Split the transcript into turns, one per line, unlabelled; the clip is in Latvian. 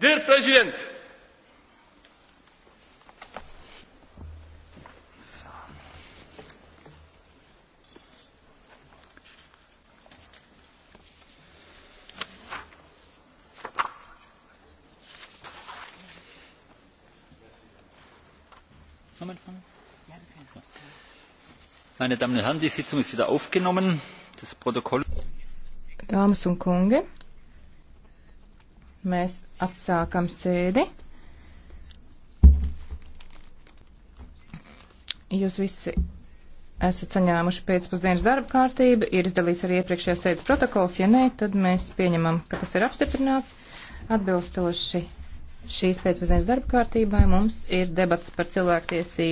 Dear President,
Meine Damen und Herren, die Sitzung ist wieder aufgenommen. Das Protokoll.
Dāmas un kungi, Mēs atsākam sēdi. Jūs visi esat saņēmuši pēcpusdienas darba kārtību, ir izdalīts arī iepriekšējā sēdes protokols. Ja nē, tad mēs pieņemam, ka tas ir apstiprināts atbilstoši šīs pēcpusdienas darba kārtībai. Mums
ir debats par cilvēktiesību.